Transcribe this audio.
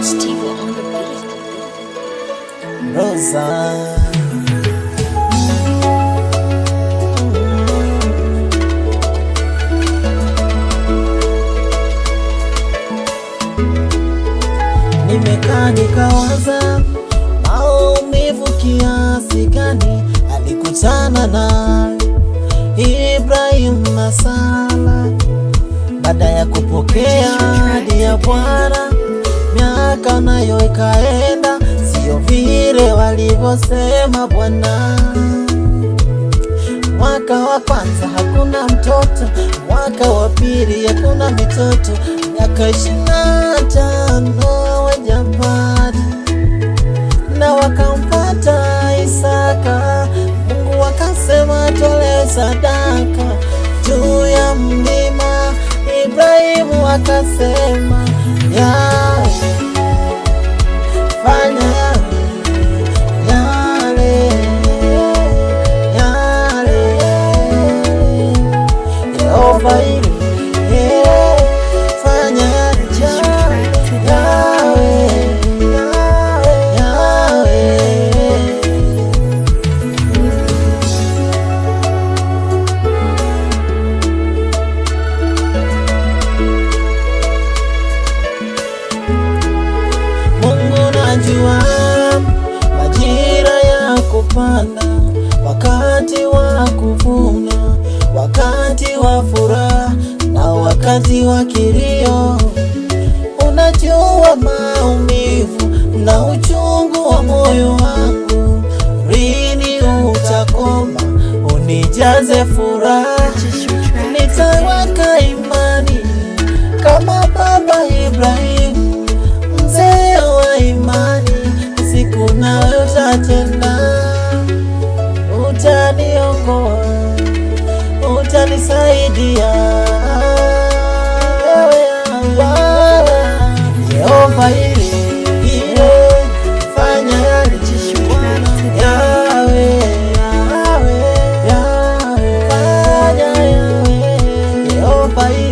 Rosa nimekaa nikawaza, maumivu kiasi gani alikutana na Ibrahim na Sara baada ya kupokea ahadi ya Bwana miaka nayo ikaenda, sio vile walivyosema bwana. Mwaka wa kwanza hakuna mtoto, mwaka wa pili hakuna mitoto, miaka ishirini na tano wajapata, na wakampata Isaka. Mungu akasema tole sadaka juu ya mlima, Ibrahimu akasema kupanda, wakati wa kuvuna, wakati wa furaha na wakati wa kilio. Unajua maumivu na uchungu wa moyo wangu, lini utakoma unijaze furaha? Nitaweka imani kama Baba Ibrahimu, mzee wa imani, siku nayotatenda utaniokoa, utanisaidia Jehova Yawe, Yawe, Yawe, Yawe, Yawe, Yawe,